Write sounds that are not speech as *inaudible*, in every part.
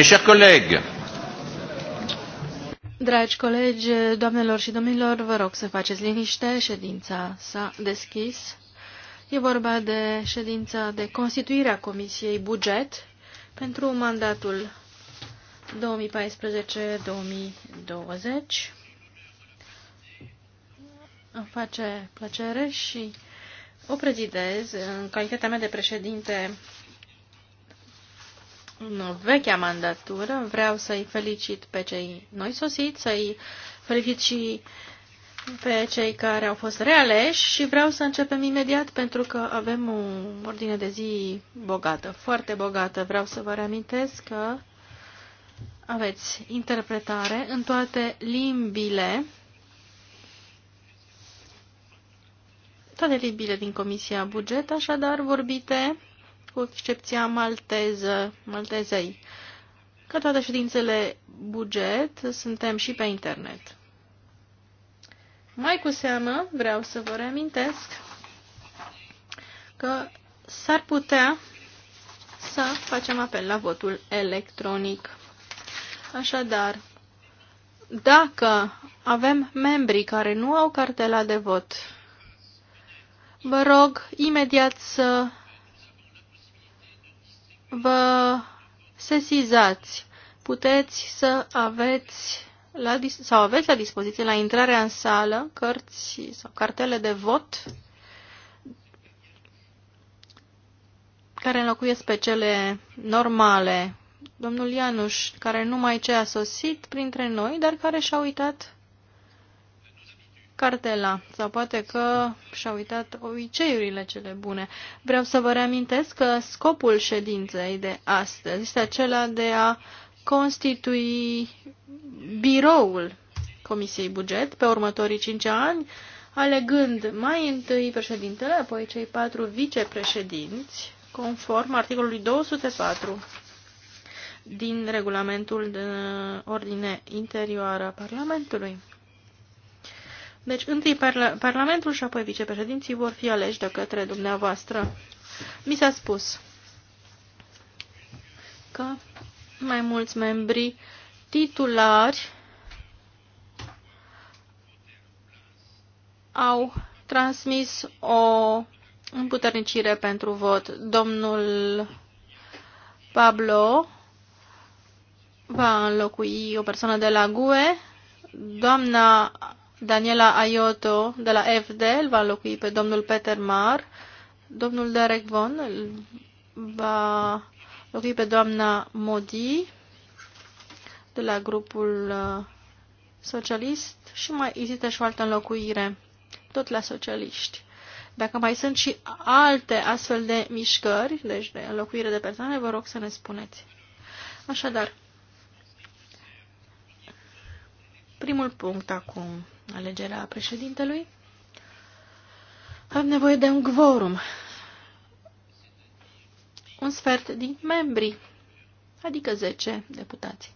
Mes chers collègues, Dragi colegi, doamnelor și domnilor, vă rog să faceți liniște, ședința s-a deschis. E vorba de ședința de constituire a Comisiei Buget pentru mandatul 2014-2020. Îmi face plăcere și o prezidez în calitatea mea de președinte în vechea mandatură. Vreau să-i felicit pe cei noi sosiți, să-i felicit și pe cei care au fost realeși și vreau să începem imediat pentru că avem o ordine de zi bogată, foarte bogată. Vreau să vă reamintesc că aveți interpretare în toate limbile, toate limbile din Comisia Buget, așadar vorbite cu excepția malteză, maltezei. Ca toate ședințele buget, suntem și pe internet. Mai cu seamă, vreau să vă reamintesc că s-ar putea să facem apel la votul electronic. Așadar, dacă avem membri care nu au cartela de vot, vă rog imediat să vă sesizați. Puteți să aveți la, sau aveți la dispoziție la intrarea în sală cărți sau cartele de vot care înlocuiesc pe cele normale. Domnul Ianuș, care numai ce a sosit printre noi, dar care și-a uitat cartela sau poate că și-a uitat obiceiurile cele bune. Vreau să vă reamintesc că scopul ședinței de astăzi este acela de a constitui biroul Comisiei Buget pe următorii cinci ani, alegând mai întâi președintele, apoi cei patru vicepreședinți, conform articolului 204 din regulamentul de ordine interioară a Parlamentului. Deci, întâi parla Parlamentul și apoi vicepreședinții vor fi aleși de către dumneavoastră. Mi s-a spus că mai mulți membri titulari au transmis o împuternicire pentru vot. Domnul Pablo va înlocui o persoană de la GUE, doamna Daniela Ayoto de la FD îl va locui pe domnul Peter Mar. Domnul Derek Von va locui pe doamna Modi de la grupul uh, socialist și mai există și o altă înlocuire, tot la socialiști. Dacă mai sunt și alte astfel de mișcări, deci de înlocuire de persoane, vă rog să ne spuneți. Așadar, primul punct acum alegerea președintelui. Am nevoie de un quorum. Un sfert din membri, adică 10 deputați.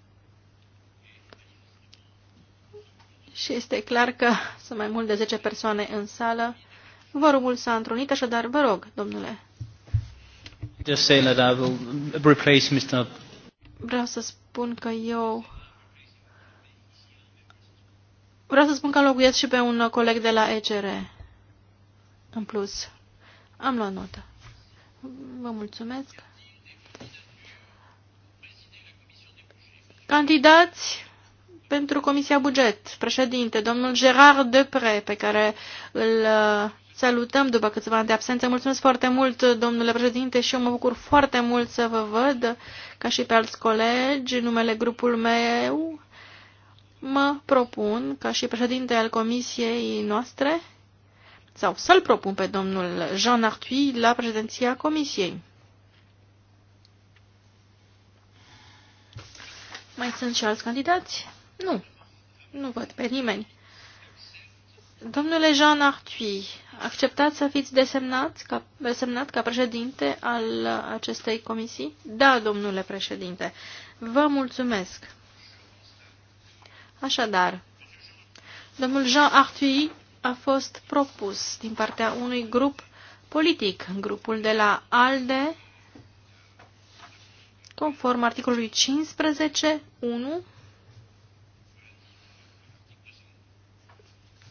Și este clar că sunt mai mult de 10 persoane în sală. Vorumul s-a întrunit, așadar vă rog, domnule. Just saying that I will replace Mr. Vreau să spun că eu Vreau să spun că locuiesc și pe un coleg de la ECR. În plus, am luat notă. Vă mulțumesc. Candidați pentru Comisia Buget, președinte, domnul Gerard Depre, pe care îl uh, salutăm după câțiva ani de absență. Mulțumesc foarte mult, domnule președinte, și eu mă bucur foarte mult să vă văd, ca și pe alți colegi, numele grupul meu mă propun, ca și președinte al comisiei noastre, sau să-l propun pe domnul Jean Arthuis la președinția comisiei. Mai sunt și alți candidați? Nu. Nu văd pe nimeni. Domnule Jean Arthuis, acceptați să fiți desemnat ca, desemnat ca președinte al acestei comisii? Da, domnule președinte. Vă mulțumesc. Așadar, domnul Jean Arthuis a fost propus din partea unui grup politic, grupul de la ALDE, conform articolului 15.1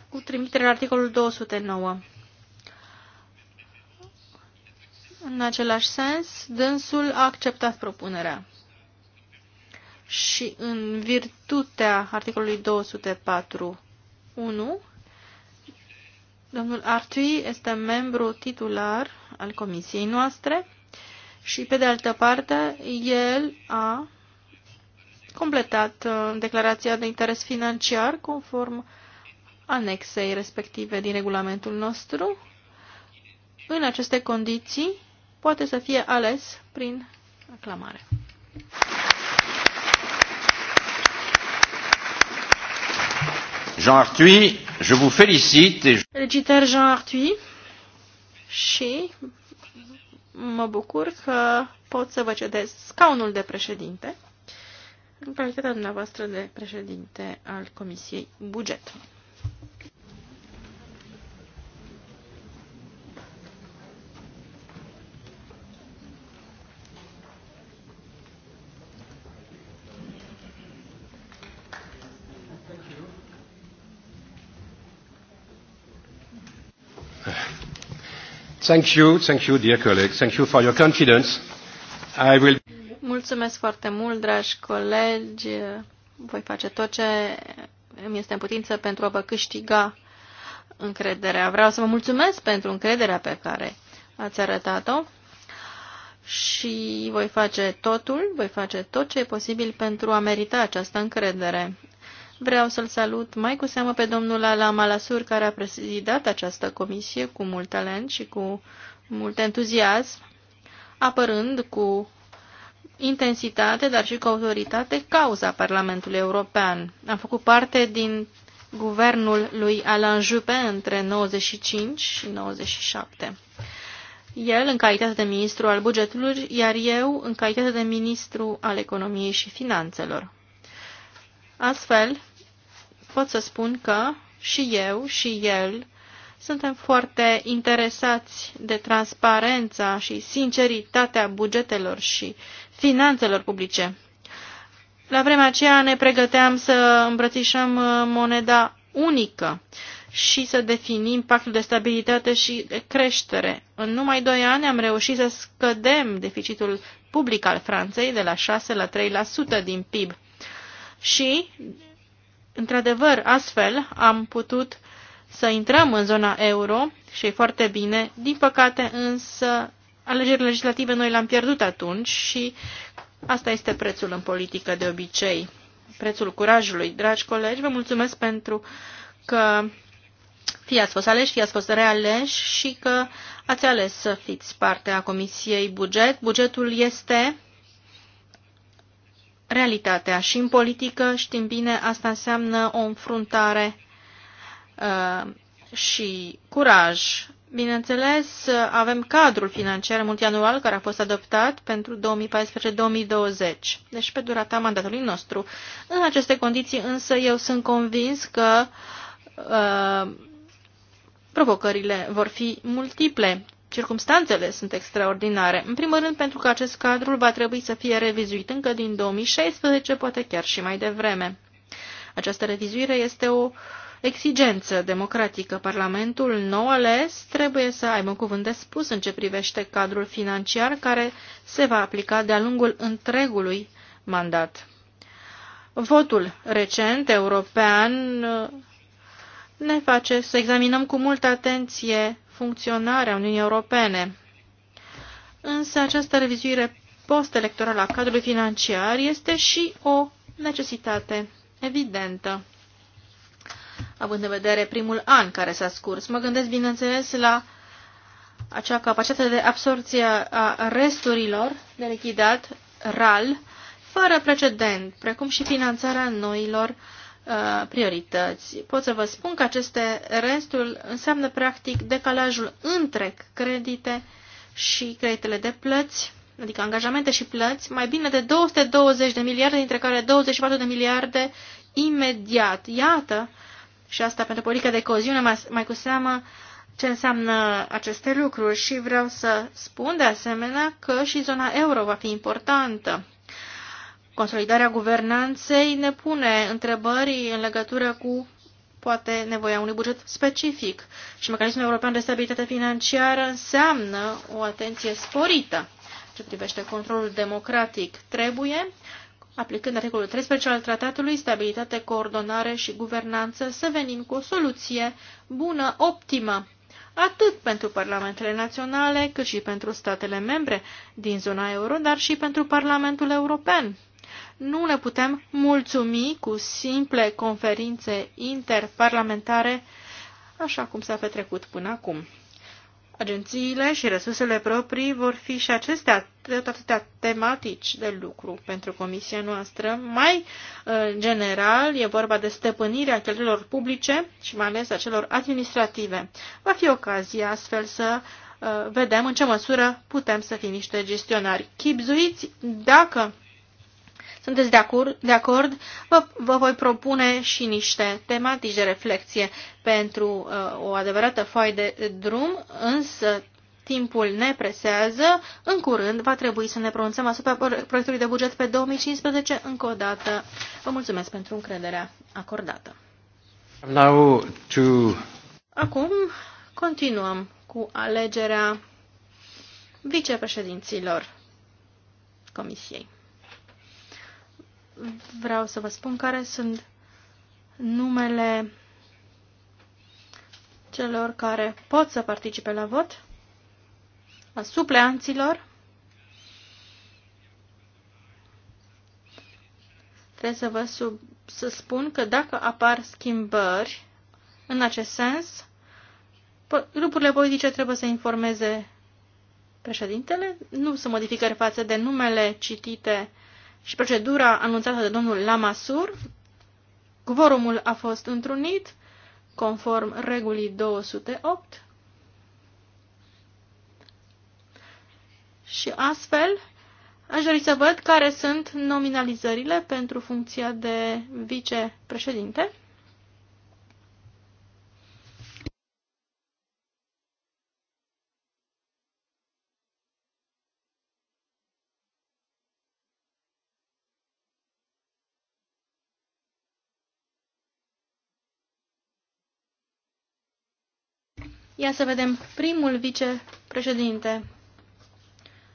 cu trimitere la articolul 209. În același sens, dânsul a acceptat propunerea și în virtutea articolului 204.1, domnul Artui este membru titular al comisiei noastre și, pe de altă parte, el a completat uh, declarația de interes financiar conform anexei respective din regulamentul nostru. În aceste condiții poate să fie ales prin aclamare. Jean Arthuis, je vous félicite. Et... Felicitări Jean Arthuis și mă bucur că pot să vă cedez scaunul de președinte în calitatea dumneavoastră de președinte al Comisiei Buget. Thank you, thank you, dear Thank you for your confidence. I will... Mulțumesc foarte mult, dragi colegi. Voi face tot ce îmi este în putință pentru a vă câștiga încrederea. Vreau să vă mulțumesc pentru încrederea pe care ați arătat-o și voi face totul, voi face tot ce e posibil pentru a merita această încredere. Vreau să-l salut mai cu seamă pe domnul Ala Malasur, care a prezidat această comisie cu mult talent și cu mult entuziasm, apărând cu intensitate, dar și cu autoritate, cauza Parlamentului European. Am făcut parte din guvernul lui Alain Juppé între 95 și 97. El în calitate de ministru al bugetului, iar eu în calitate de ministru al economiei și finanțelor. Astfel, pot să spun că și eu și el suntem foarte interesați de transparența și sinceritatea bugetelor și finanțelor publice. La vremea aceea ne pregăteam să îmbrățișăm uh, moneda unică și să definim pactul de stabilitate și creștere. În numai doi ani am reușit să scădem deficitul public al Franței de la 6 la 3% din PIB și, într-adevăr, astfel am putut să intrăm în zona euro și e foarte bine. Din păcate, însă, alegerile legislative noi le-am pierdut atunci și asta este prețul în politică de obicei, prețul curajului. Dragi colegi, vă mulțumesc pentru că fie ați fost aleși, fie ați fost realeși și că ați ales să fiți parte a Comisiei Buget. Bugetul este realitatea și în politică, știm bine, asta înseamnă o înfruntare uh, și curaj. Bineînțeles, avem cadrul financiar multianual care a fost adoptat pentru 2014-2020, deci pe durata mandatului nostru. În aceste condiții însă eu sunt convins că uh, provocările vor fi multiple Circumstanțele sunt extraordinare, în primul rând pentru că acest cadru va trebui să fie revizuit încă din 2016, poate chiar și mai devreme. Această revizuire este o exigență democratică. Parlamentul nou ales trebuie să aibă cuvânt de spus în ce privește cadrul financiar care se va aplica de-a lungul întregului mandat. Votul recent european ne face să examinăm cu multă atenție funcționarea Uniunii Europene. Însă această revizuire post-electorală a cadrului financiar este și o necesitate evidentă. Având în vedere primul an care s-a scurs, mă gândesc, bineînțeles, la acea capacitate de absorție a resturilor de lichidat RAL fără precedent, precum și finanțarea noilor uh, Uh, priorități. Pot să vă spun că aceste restul înseamnă practic decalajul între credite și creditele de plăți, adică angajamente și plăți, mai bine de 220 de miliarde, dintre care 24 de miliarde imediat. Iată, și asta pentru politica de coziune, mai, mai cu seamă ce înseamnă aceste lucruri și vreau să spun de asemenea că și zona euro va fi importantă Consolidarea guvernanței ne pune întrebări în legătură cu poate nevoia unui buget specific și mecanismul european de stabilitate financiară înseamnă o atenție sporită ce privește controlul democratic. Trebuie, aplicând articolul 13 al tratatului, stabilitate, coordonare și guvernanță, să venim cu o soluție bună, optimă, atât pentru parlamentele naționale, cât și pentru statele membre din zona euro, dar și pentru Parlamentul European nu ne putem mulțumi cu simple conferințe interparlamentare, așa cum s-a petrecut până acum. Agențiile și resursele proprii vor fi și acestea tot atâtea tematici de lucru pentru comisia noastră. Mai general, e vorba de stăpânirea cheltuielor publice și mai ales a celor administrative. Va fi ocazia astfel să uh, vedem în ce măsură putem să fim niște gestionari chipzuiți dacă sunteți de acord, de acord vă, vă voi propune și niște tematici de reflexie pentru uh, o adevărată foaie de drum, însă timpul ne presează. În curând va trebui să ne pronunțăm asupra proiectului de buget pe 2015 încă o dată. Vă mulțumesc pentru încrederea acordată. Now to... Acum continuăm cu alegerea vicepreședinților Comisiei vreau să vă spun care sunt numele celor care pot să participe la vot, a supleanților. Trebuie să vă sub, să spun că dacă apar schimbări în acest sens, grupurile politice trebuie să informeze președintele. Nu sunt modificări față de numele citite și procedura anunțată de domnul Lamasur. Quorumul a fost întrunit conform regulii 208 și astfel aș dori să văd care sunt nominalizările pentru funcția de vicepreședinte. Ia să vedem primul vicepreședinte,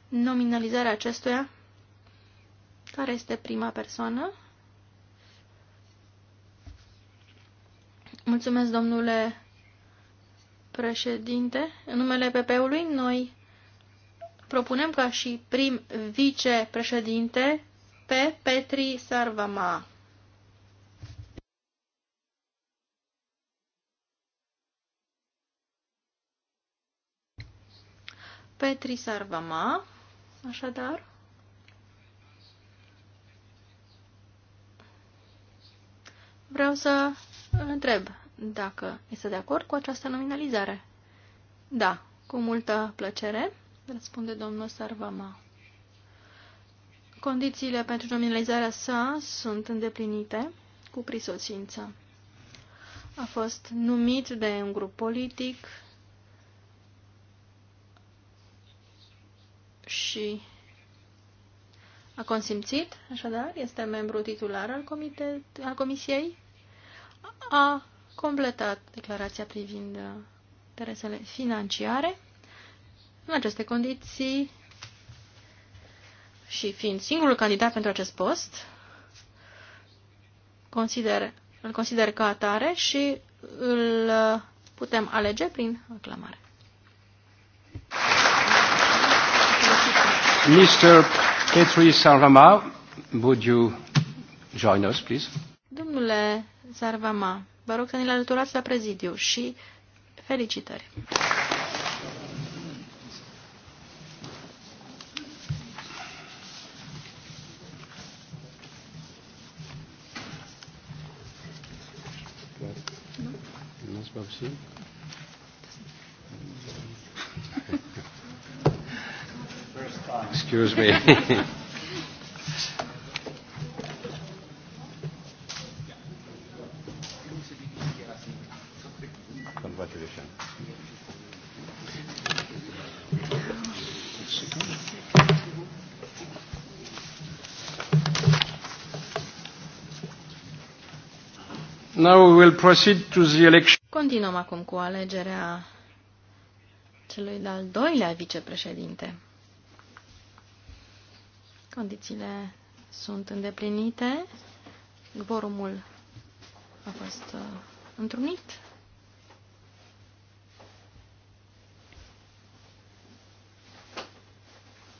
nominalizarea acestuia. Care este prima persoană? Mulțumesc, domnule președinte. În numele PP-ului, noi propunem ca și prim vicepreședinte pe Petri Sarvama. Petri Sarvama, așadar. Vreau să întreb dacă este de acord cu această nominalizare. Da, cu multă plăcere, răspunde domnul Sarvama. Condițiile pentru nominalizarea sa sunt îndeplinite cu prisosință. A fost numit de un grup politic și a consimțit, așadar, este membru titular al, comite al comisiei, a completat declarația privind uh, interesele financiare. În aceste condiții și fiind singurul candidat pentru acest post, consider, îl consider ca atare și îl uh, putem alege prin aclamare. Mr. Petri Sarvama, would you join us, please? Domnule Sarvama, vă rog să ne alăturați la prezidiu și felicitări. you. excuse me. *laughs* Now we will proceed to the election. Continuăm acum cu alegerea celui de-al doilea vicepreședinte. Condițiile sunt îndeplinite. Vorumul a fost uh, întrunit.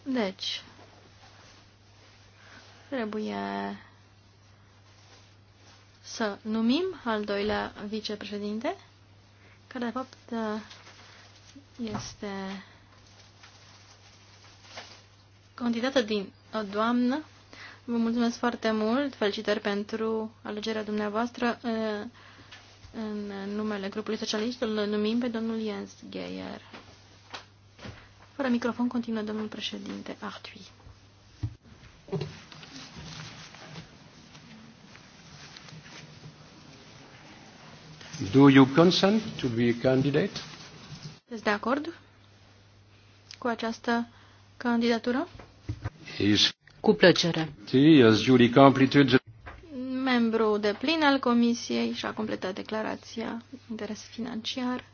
Deci, trebuie să numim al doilea vicepreședinte, care de fapt uh, este candidată din o doamnă. Vă mulțumesc foarte mult. Felicitări pentru alegerea dumneavoastră. În numele grupului socialist îl numim pe domnul Jens Geier. Fără microfon continuă domnul președinte Artui. Do you consent to be a candidate? Sunteți de acord cu această candidatură? Cu plăcere. Membru de plin al Comisiei și-a completat declarația interes financiar.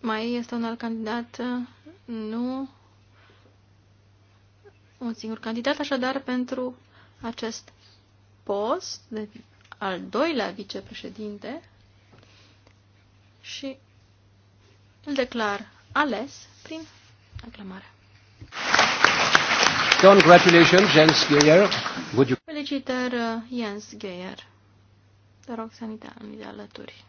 Mai este un alt candidat? Nu. Un singur candidat, așadar, pentru acest post de al doilea vicepreședinte și îl declar ales prin aclamare. Congratulations, Jens Geyer. Would you... Felicitări, uh, Jens Geyer. Te rog să ne mi de alături.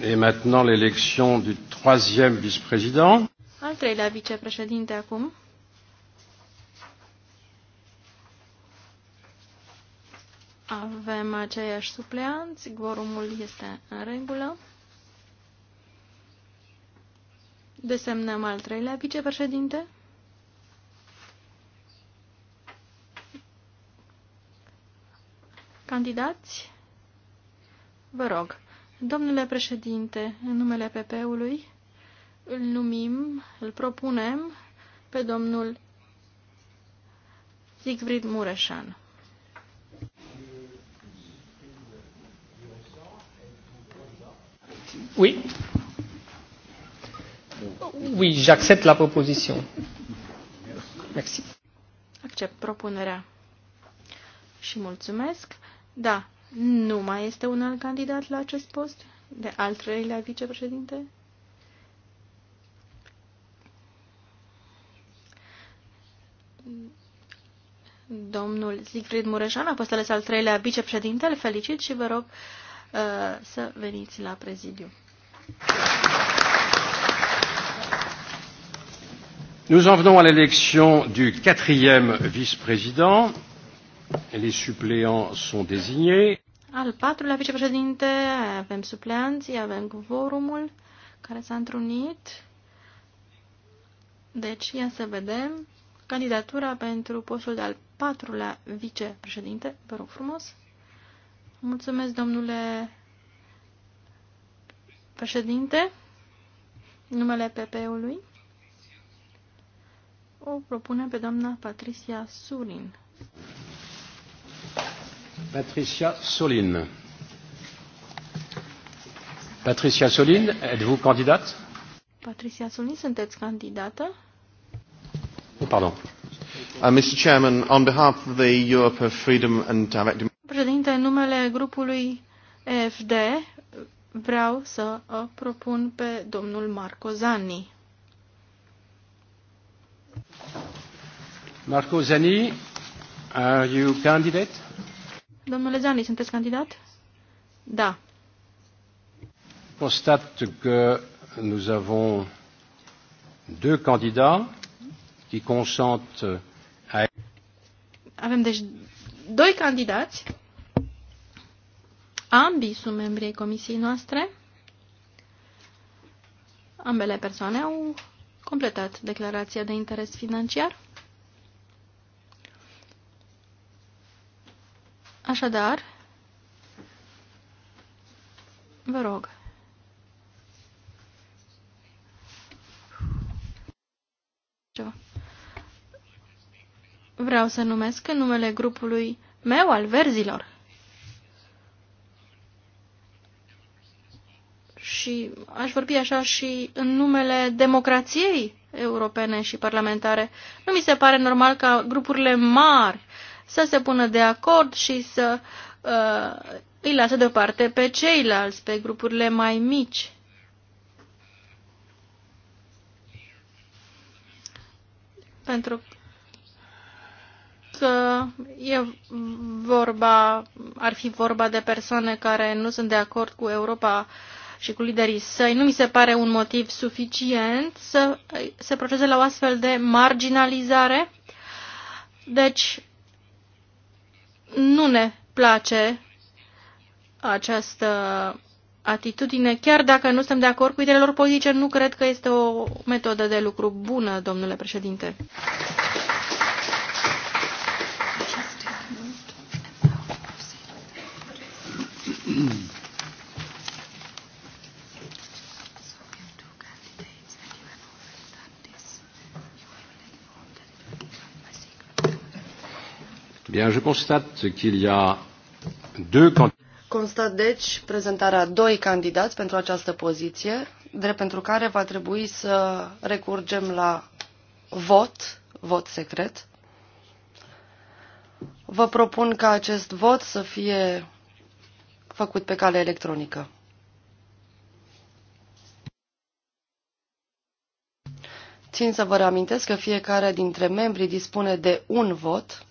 Et maintenant l'élection du troisième vice-président. Al treilea vicepreședinte acum. Avem aceiași supleanți, Gorumul este în regulă. desemnăm al treilea vicepreședinte. Candidați? Vă rog, domnule președinte, în numele PP-ului, îl numim, îl propunem pe domnul Siegfried Mureșan. Oui. Oui, j'accepte la proposition. Merci. Accept propunerea. Și mulțumesc. Da, nu mai este un alt candidat la acest post? De al treilea vicepreședinte? Domnul Siegfried Mureșan a fost ales al treilea vicepreședinte. Îl felicit și vă rog uh, să veniți la prezidiu. Nous en venons à l'élection du quatrième vice-président. Les suppléants sont désignés. Al patrulea vicepreședinte, avem supleanții, avem cuvorumul care s-a întrunit. Deci, ia să vedem candidatura pentru postul de al patrulea vicepreședinte. Vă rog frumos. Mulțumesc, domnule președinte, numele PP-ului o propune pe doamna Patricia Sulin. Patricia Sulin. Patricia Sulin, êtes-vous candidate Patricia Sulin, sunteți candidată? Oh, pardon. Uh, Mr. Chairman, on behalf of the Europe of Freedom and Direct Președinte, în numele grupului EFD vreau să uh, propun pe domnul Marco Zanni. Marco Zani, are you candidate? Domnule Zani, sunteți candidat? Da. Constate că nous avons deux candidats qui consentent à... Avem deci doi candidați. Ambii sunt membri ai comisiei noastre. Ambele persoane au completat declarația de interes financiar. Așadar, vă rog. Vreau să numesc în numele grupului meu al verzilor. Și aș vorbi așa și în numele democrației europene și parlamentare. Nu mi se pare normal ca grupurile mari să se pună de acord și să uh, îi lasă deoparte pe ceilalți, pe grupurile mai mici. Pentru că e vorba, ar fi vorba de persoane care nu sunt de acord cu Europa și cu liderii săi, nu mi se pare un motiv suficient să se proceseze la o astfel de marginalizare. Deci, nu ne place această atitudine, chiar dacă nu suntem de acord cu ideile lor politice, nu cred că este o metodă de lucru bună, domnule președinte. Mm-hmm. Bien, je constate qu'il y a deux Constat deci prezentarea doi candidați pentru această poziție, drept pentru care va trebui să recurgem la vot, vot secret. Vă propun ca acest vot să fie făcut pe cale electronică. Țin să vă reamintesc că fiecare dintre membrii dispune de un vot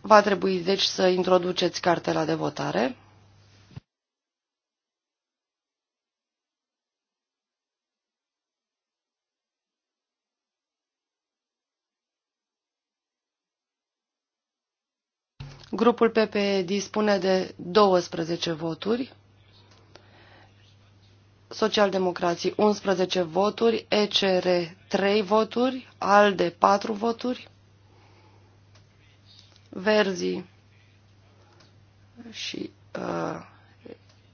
Va trebui deci să introduceți cartela de votare. Grupul PPE dispune de 12 voturi, Socialdemocrații 11 voturi, ECR 3 voturi, ALDE 4 voturi, Verzii și uh,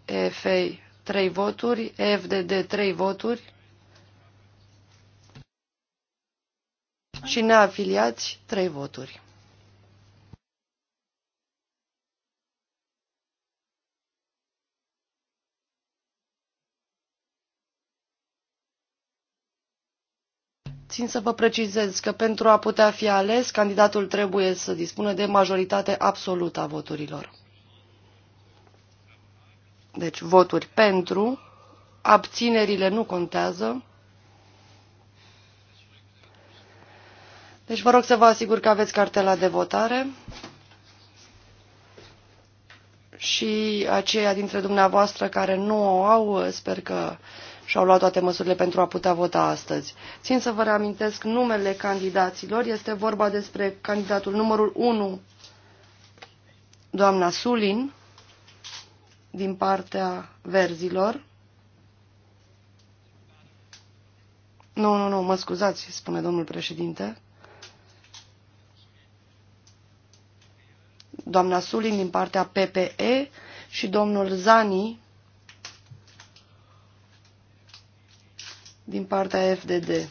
EFA 3 voturi, FDD 3 voturi și neafiliați 3 voturi. Țin să vă precizez că pentru a putea fi ales, candidatul trebuie să dispună de majoritate absolută a voturilor. Deci voturi pentru, abținerile nu contează. Deci vă rog să vă asigur că aveți cartela de votare și aceia dintre dumneavoastră care nu o au, sper că și-au luat toate măsurile pentru a putea vota astăzi. Țin să vă reamintesc numele candidaților. Este vorba despre candidatul numărul 1, doamna Sulin, din partea verzilor. Nu, nu, nu, mă scuzați, spune domnul președinte. Doamna Sulin din partea PPE și domnul Zani din partea FDD.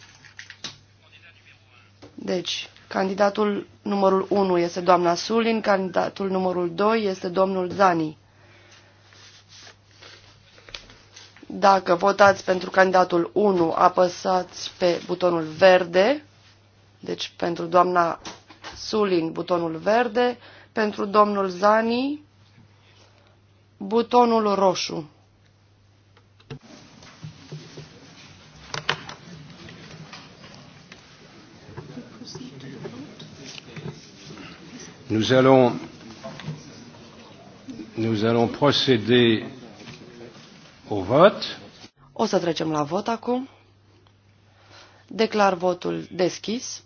Deci, candidatul numărul 1 este doamna Sulin, candidatul numărul 2 este domnul Zani. Dacă votați pentru candidatul 1, apăsați pe butonul verde, deci pentru doamna Sulin, butonul verde, pentru domnul Zani, butonul roșu. Nous allons, nous allons procéder au vote. O să trecem la vot acum. Declar votul deschis.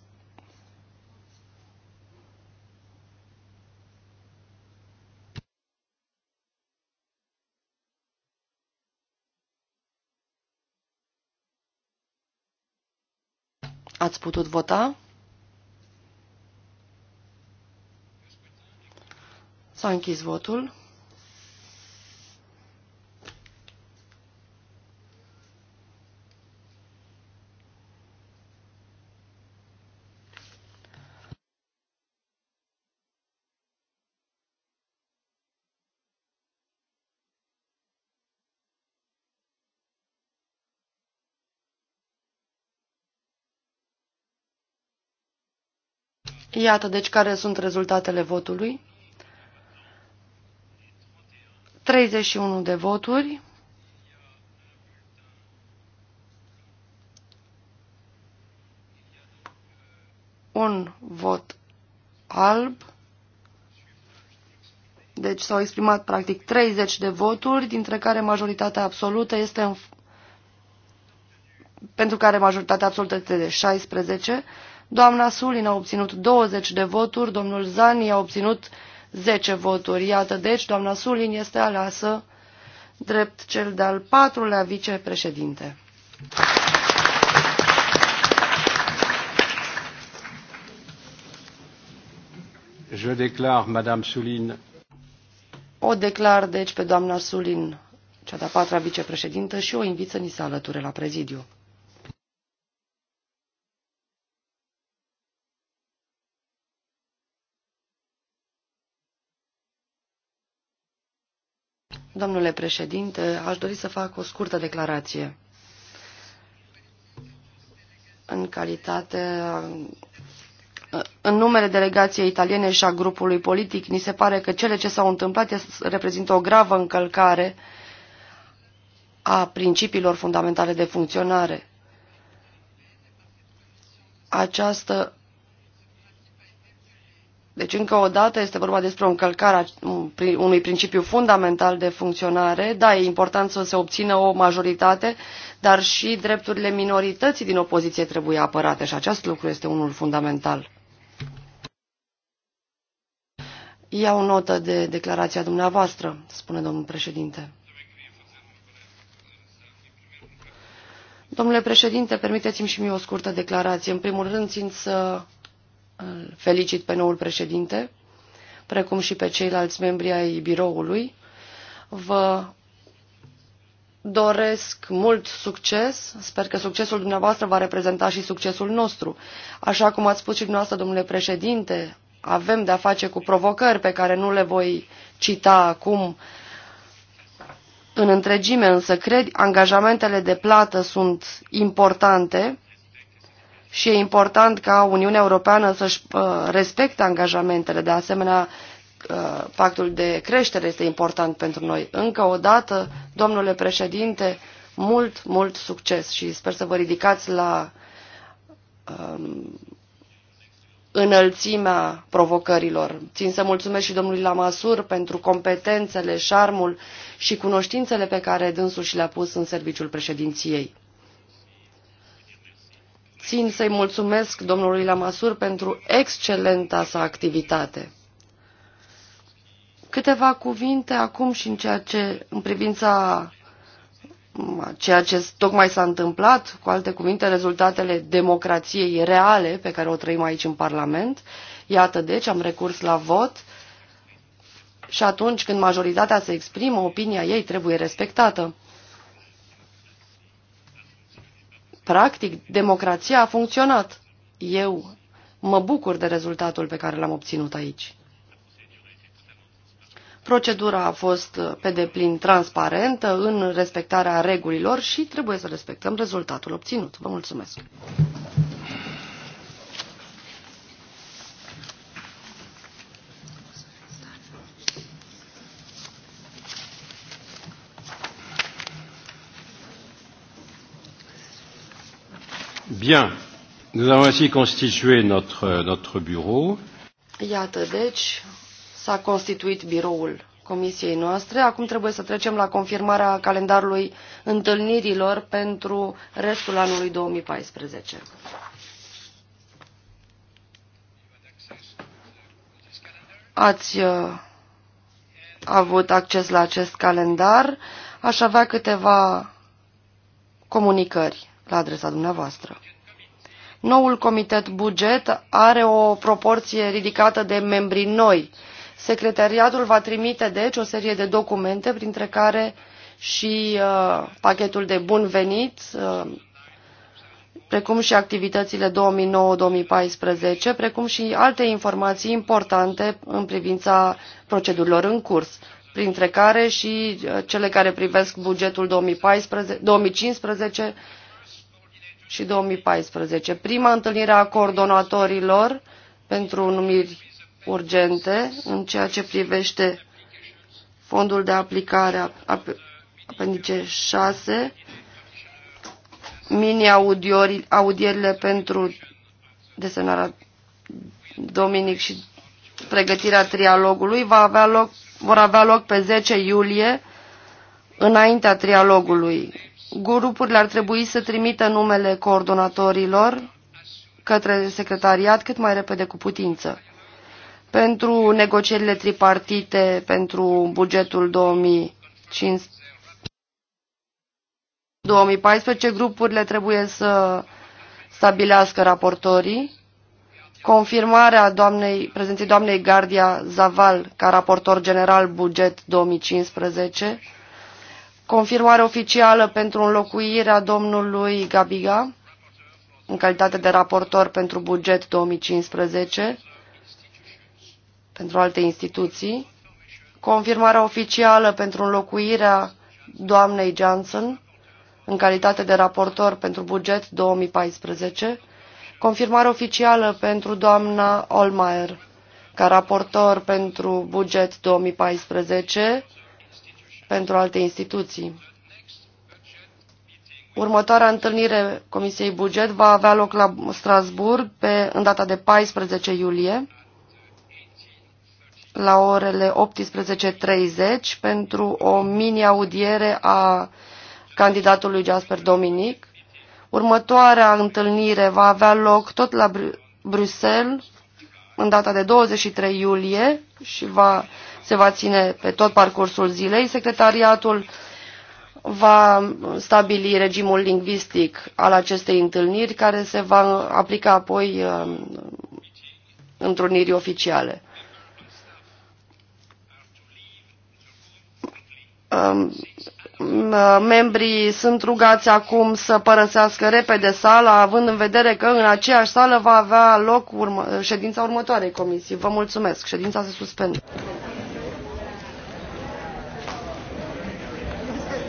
Ați putut vota? S-a închis votul. Iată deci care sunt rezultatele votului. 31 de voturi. Un vot alb. Deci s-au exprimat practic 30 de voturi, dintre care majoritatea absolută este în... pentru care majoritatea absolută este de 16. Doamna Sulin a obținut 20 de voturi, domnul Zani a obținut 10 voturi. Iată, deci, doamna Sulin este aleasă drept cel de-al patrulea vicepreședinte. Je declar, Madame Souline. O declar, deci, pe doamna Sulin, cea de-a patra vicepreședintă, și o invit să ni se alăture la prezidiu. Domnule președinte, aș dori să fac o scurtă declarație. În calitate în numele delegației italiene și a grupului politic, ni se pare că cele ce s-au întâmplat reprezintă o gravă încălcare a principiilor fundamentale de funcționare. Această deci, încă o dată, este vorba despre o încălcare a unui principiu fundamental de funcționare. Da, e important să se obțină o majoritate, dar și drepturile minorității din opoziție trebuie apărate și acest lucru este unul fundamental. Iau notă de declarația dumneavoastră, spune domnul președinte. Domnule președinte, permiteți-mi și mie o scurtă declarație. În primul rând, țin să îl felicit pe noul președinte, precum și pe ceilalți membri ai biroului. Vă doresc mult succes. Sper că succesul dumneavoastră va reprezenta și succesul nostru. Așa cum ați spus și dumneavoastră, domnule președinte, avem de-a face cu provocări pe care nu le voi cita acum în întregime, însă cred angajamentele de plată sunt importante și e important ca Uniunea Europeană să-și uh, respecte angajamentele. De asemenea, uh, pactul de creștere este important pentru noi. Încă o dată, domnule președinte, mult, mult succes și sper să vă ridicați la um, înălțimea provocărilor. Țin să mulțumesc și domnului Lamasur pentru competențele, șarmul și cunoștințele pe care dânsul și le-a pus în serviciul președinției țin să-i mulțumesc domnului Lamasur pentru excelenta sa activitate. Câteva cuvinte acum și în, ceea ce, în privința ceea ce tocmai s-a întâmplat, cu alte cuvinte, rezultatele democrației reale pe care o trăim aici în Parlament. Iată, deci, am recurs la vot și atunci când majoritatea se exprimă, opinia ei trebuie respectată. Practic, democrația a funcționat. Eu mă bucur de rezultatul pe care l-am obținut aici. Procedura a fost pe deplin transparentă în respectarea regulilor și trebuie să respectăm rezultatul obținut. Vă mulțumesc! Bien. Nous avons ainsi constitué notre, euh, notre bureau. Iată, deci, s-a constituit biroul comisiei noastre. Acum trebuie să trecem la confirmarea calendarului întâlnirilor pentru restul anului 2014. Ați uh, avut acces la acest calendar. Aș avea câteva comunicări la adresa dumneavoastră. Noul comitet buget are o proporție ridicată de membri noi. Secretariatul va trimite, deci, o serie de documente, printre care și uh, pachetul de bun venit, uh, precum și activitățile 2009-2014, precum și alte informații importante în privința procedurilor în curs, printre care și uh, cele care privesc bugetul 2014, 2015 și 2014. Prima întâlnire a coordonatorilor pentru numiri urgente în ceea ce privește fondul de aplicare apendice 6, mini-audierile pentru desenarea Dominic și pregătirea trialogului va avea loc, vor avea loc pe 10 iulie înaintea trialogului grupurile ar trebui să trimită numele coordonatorilor către secretariat cât mai repede cu putință. Pentru negocierile tripartite pentru bugetul 2015, 2014, grupurile trebuie să stabilească raportorii. Confirmarea doamnei, prezenței doamnei Gardia Zaval ca raportor general buget 2015 confirmare oficială pentru înlocuirea domnului Gabiga, în calitate de raportor pentru buget 2015, pentru alte instituții, confirmarea oficială pentru înlocuirea doamnei Johnson, în calitate de raportor pentru buget 2014, confirmare oficială pentru doamna Olmaier, ca raportor pentru buget 2014, pentru alte instituții. Următoarea întâlnire Comisiei Buget va avea loc la Strasburg pe, în data de 14 iulie la orele 18.30 pentru o mini-audiere a candidatului Jasper Dominic. Următoarea întâlnire va avea loc tot la Bru Bruxelles în data de 23 iulie și va, se va ține pe tot parcursul zilei. Secretariatul va stabili regimul lingvistic al acestei întâlniri, care se va aplica apoi um, întrunirii oficiale. Um, Ă, membrii sunt rugați acum să părăsească repede sala, având în vedere că în aceeași sală va avea loc urmă, ședința următoarei comisii. Vă mulțumesc. Ședința se suspendă.